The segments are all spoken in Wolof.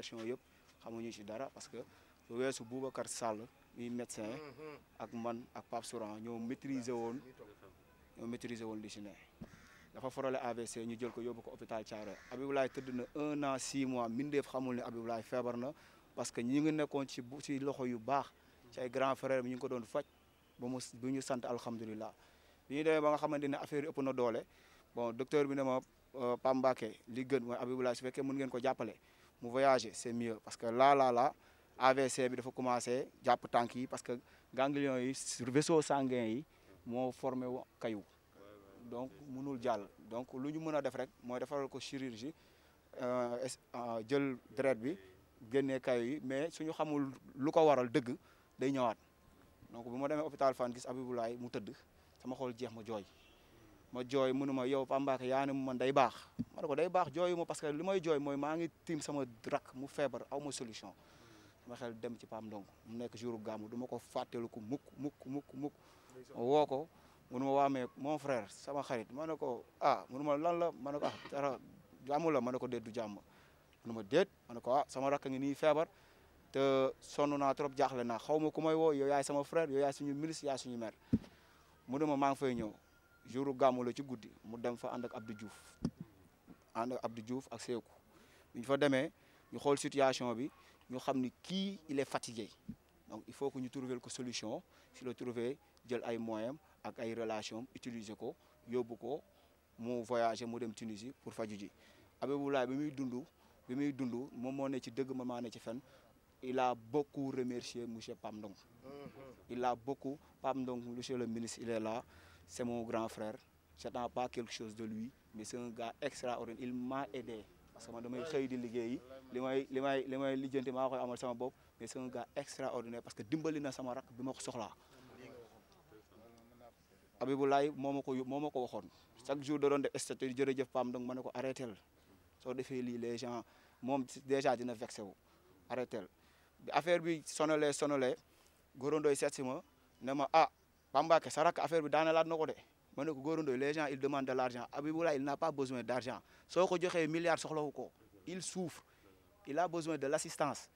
version yëpp xamuñu ci dara parce que lu weesu Boubacar Sall muy médecin ak man ak Pape Souran ñoo maîtriser woon ñoo maîtriser woon li ci ne dafa forole AVC ñu jël ko yóbbu ko hôpital Thiaroye Abibulaay tëdd na un an six mois mindeef xamul ne Abibulaay feebar na parce que ñi ngi nekkoon ci ci loxo yu baax ci ay grand frère ñu ko doon faj ba mu bu ñu sant alhamdulilah bi ñu demee ba nga xamante ne affaire yi ëpp na doole bon docteur bi ne ma euh, Pambaake li gën mooy Abibulaay mu voyager c'est mieux parce que là là là AVC bi dafa commencer jàpp tanki parce que ganglions yi vaisseau sanguin yi mo formé wu donc mënul dial donc luñu ñu def rek moy defaral ko chirurgie euh, euh, jël dread bi génnee kayu yi mais suñu xamul lu ko waral deug day ñëwaat donc bu ma hôpital fan gis Abiboulaye mu teud sama xol jeex ma joy ma jooy mënu ma yow Pape Mbacké yaa ne man day baax ma ne ko day baax jooyu ma parce que li may jooy mooy maa ngi tiim sama rak mu feebar aw ma solution sama xel dem ci Pape Ndong mu nekk jour gàmmu du ma ko fàttelu ko mukk mukk mukk mukk woo ko mënu ma waamee mon frère sama xarit ma ne ko ah mënu ma lan la ma ne ko ah dara jàmm la ma ne ko déet du jàmm mënu ma déet ma ne ko ah sama rakk ngi nii feebar te sonn naa trop jaaxle naa xaw ma ku may woo yow yaay sama frère yow yaay suñu ministre yaay suñu maire mënu ma maa ngi fay ñëw jouru gàmmu la ci goudi mu dem fa and ak Abdou Diouf and ak Abdou Diouf ak Sékou ñu fa demee ñu xol situation bi ñu xamni ki il est fatigué donc il faut que ñu trouver ko solution si le trouver jël ay moyens ak ay relation, utiliser ko yóbbu ko mu voyager mu dem Tunisie pour faju ji Abiboulaye bi muy dundou bi muy dundou mom mo ne ci dëgg ma maa ne ci fen il a beaucoup remercié monsieur pamdong mm-hmm. il a beaucoup pamdong monsieur le ministre il est là c'est mon grand frère. Je n'attends pas quelque chose de lui, mais c'est un gars extraordinaire. Il m'a aidé. Parce que moi, je suis travaillé, je suis travaillé, mais c'est un gars extraordinaire parce que dimbali na sama rak bi ma ko soxlaa Abiboulaye moo ma ko moo ma ko chaque jour da doon def statut jërëjëf Pam donc ma ne ko arrêté soo defee lii les gens moom déjà dina vexé wu arrêté affaire bi sonalee sonalee góorondooy seet si ma ne ma ah Bamba Saraka affaire bi daanelaat na ko de ma ne ko Gora les gens ils demandent de l'argent Abiboulaye il n'a pas besoin d'argent soo ko milliards milliard soxlawu il souffre il a besoin de l'assistance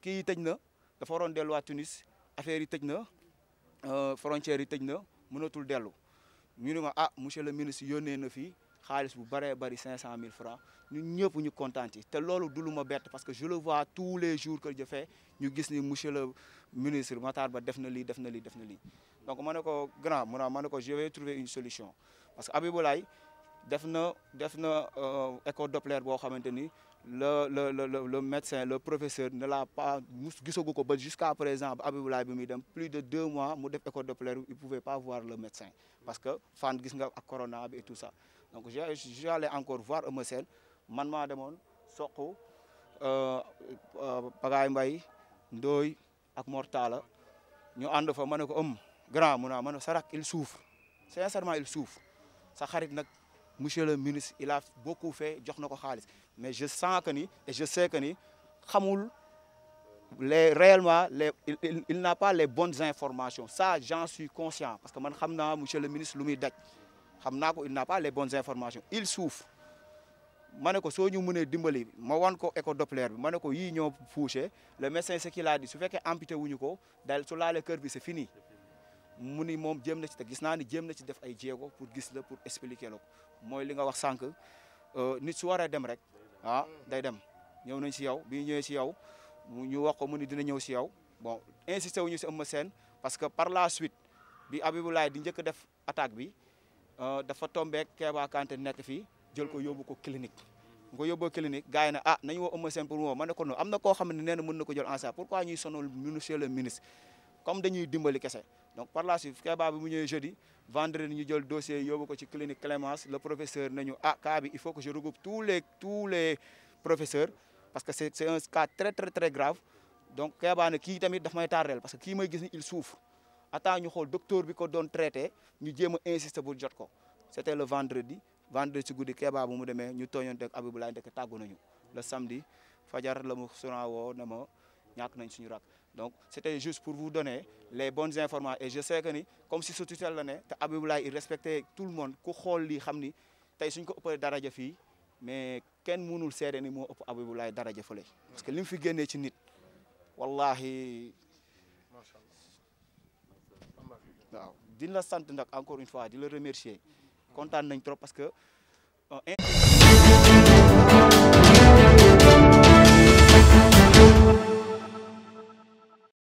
Qui tejna da fa dafa waroon Tunis affaire yi tejna euh frontière yi tejna na delu ñu ne ma ah monsieur le ministre yónnee na fi xaalis bu bare bëri cinq francs ñun ñëpp ñu kontaan té lolu loolu du ma parce que je le vois tous les jours que je fais ñu gis ni monsieur le ministre Matar Ba def na li def na li def na li donc je ne grand mu ne je vais trouver une solution parce que Abiboulaye def na def euh, écho Doppler boo xamante le le le le médecin le professeur ne l'a pas mus jusqu'à présent Abiboulaye bi dem plus de deux mois mu def écho Doppler il ne pouvait pas voir le médecin parce que fan gis nga ak corona et tout ça donc j'allais encore voir un Sène Soko, maa demoon soq à Mbay ak Mortala ñu ànd fa ma homme grand mon ami, ma ne Sarak il souffre sincèrement il souffre sa xarit nak monsieur le ministre il a beaucoup fait jox na ko mais je sens que ni et je sais que ni xamul les réellement les il, il n'a pas les bonnes informations ça j'en suis conscient parce que man xamna monsieur le ministre lumuy daj xam ko il n'a pas les bonnes informations il souffre ma ne ko soo ñu mënee dimbali ma wan ko écho Doppler bi ko ñoo poussé le médecin ce qu'il a dit su fekké amputé wuñu ko dal su le cœur bi c'est fini mu ni moom jëm na ci te gis naa ni jéem na ci def ay jéego pour gis la pour expliquer la ko mooy li nga wax sànq euh, nit su waree dem rek ah day dem ñëw nañ si yow bi ñëwee si yow ñu wax ko mu ni dina ñëw si yow bon insisté wuñu si Eumeu Sène parce que par la suite bi Abiboulaye di njëkk def attaque bi euh, dafa tombeek Kéba Kanté nekk fii jël ko yóbbu ko clinique. bu ko yóbboo clinique gars ne ah nañu woo Eumeu Sène pour woo ma ne ko non am na koo xam ne nee na mën na ko jël en charge pourquoi ñuy sonal monsieur le ministre comme dañuy dimbali kese. donc par la suite Kéba bi mu jeudi vendredi ñu jël dossier yóbbu ko ci clinique Clémence le professeur nañu a ah, dit il faut que je regroupe tous les tous les professeurs parce que c'est un cas très très très grave donc Kéba ne kii tamit daf may parce que qui may gis il souffre attends ñu xool docteur bi ko doon traité ñu avons insisté pour jot ko c'était le vendredi vendredi ci goudi Kéba bu mu demee ñu tooñoonte ak Abibulaay ndekk tàggu nañu le samedi fajar le mu suna woo ne ma ñàkk nañ donc, c'était juste pour vous donner les bonnes informations. Et je sais que, comme si ce tutelle il respectait tout le monde. mais qu'un sert ni mo parce que lim est ci nit wallahi encore une fois di remercier content trop parce que euh,